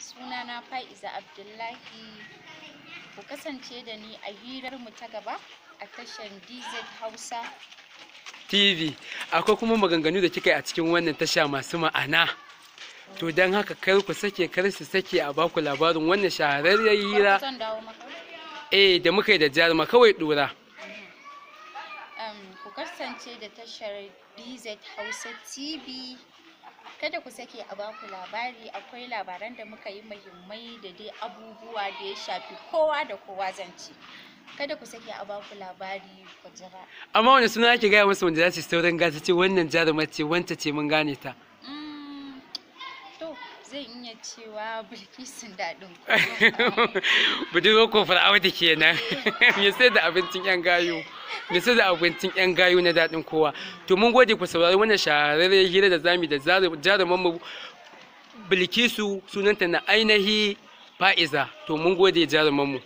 sunana Fa'iza Abdullahi ku kasance da ni a hirarmu ta gaba a tashar DZ Hausa TV akwai kuma maganganu da kika yi a cikin wannan tasha masu ma'ana to don haka kar ku sake kar su sake a baku labarin wannan shahararren hira eh da muka yi da jaruma kawai dora ku kasance da tashar DZ Hausa TV kada ku sake a baku labari akwai labaran da muka yi muhimmai da dai abubuwa da ya shafi kowa da kowa zance kada ku sake a baku labari ku amma wani suna ake gaya musu wanda za su saurin gasa ce wannan jarumar ce wanta ce mun gane ta zan iya cewa sun daɗin budurwa kenan me sai da abincin yan gayu sai da abincin yan gayu na daɗin kowa to mun gode ku saurari wannan shahararren hira da zami da jaruman mu bilkisu sunanta na ainihi fa'iza to mun gode jaruman mu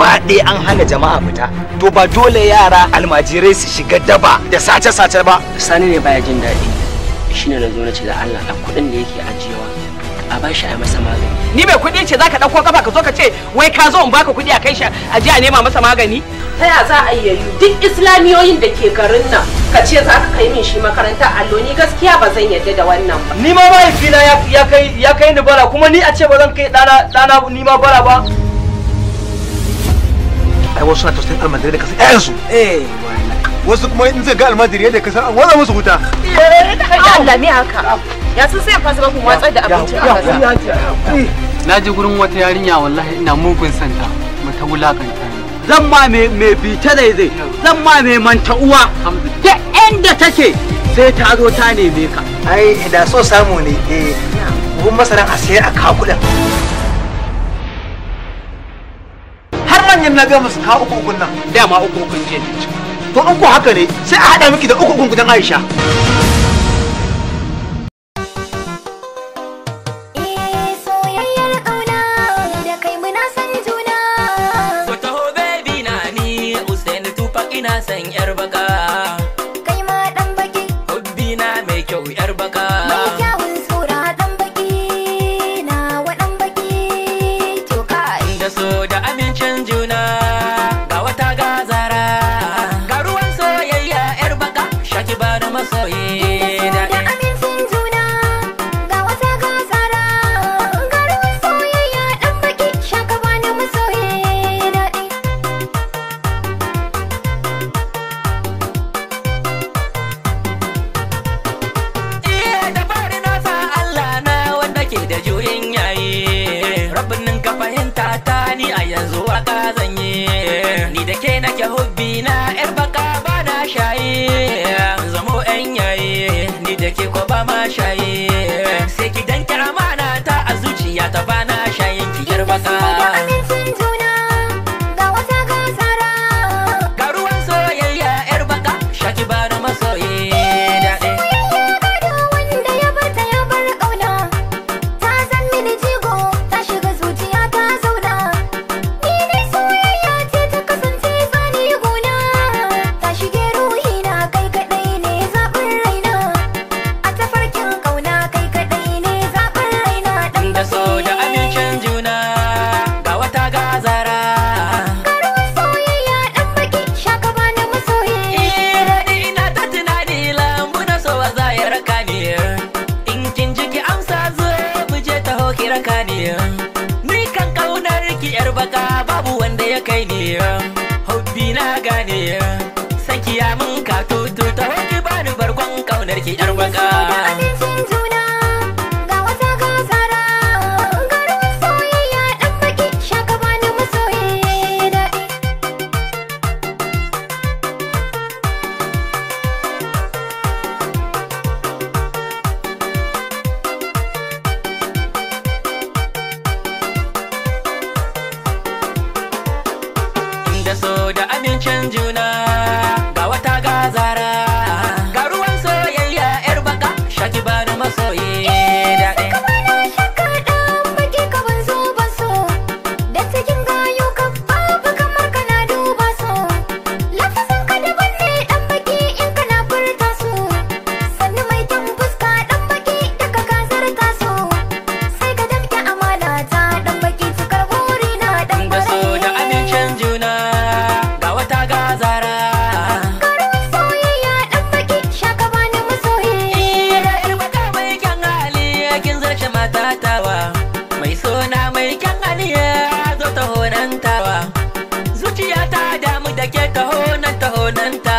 gaba an hana jama'a fita to ba dole yara almajirai su shiga daba da sace-sace ba sani ne baya jin daɗi shine na zo na ce da Allah a kuɗin da yake ajiyewa a ba shi a masa magani ni mai kuɗi ce zaka ɗauko kafa ka zo ka ce wai ka zo in baka kuɗi a kai shi a je a nema masa magani ta ya za a yi duk islamiyoyin da ke garin nan ka ce za ka kai min shi makaranta allo ni gaskiya ba zan yarda da wannan ba ni ma mahaifina ya kai ni bara kuma ni a ce ba zan kai ɗana ni ma bara ba wasu suna tausayin almajirai da kasar ƴaƴansu eh wasu kuma in zai ga almajiri yadda kasar an waza musu wuta Allah me haka ya sun sai fasa kun watsar da abincin a kasa eh. na je gurin wata yarinya wallahi ina mugun santa mata wulakanta zan ma mai bita zai zai zan ma mai manta uwa da inda take sai ta zo ta neme ka ai da so samu ne eh gun masaran a sayar a kakulan hanyar na gama su kawo uku ukun nan ma uku ukun jiya ne to uku haka ne sai a hada miki da uku ukun gudan aisha eh, yar baka kai ma ɗan baki hobbi na mai kyau yar baka ne ni kan kaunar ki yar baka babu wanda ya kai ne hobbi na gane sakiya mun ka tutu ta hoki bani barkon kaunar ki yar baka change you ta damu da ke taho nan taho nan ta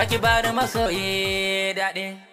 Shaki bari masoyi daɗi.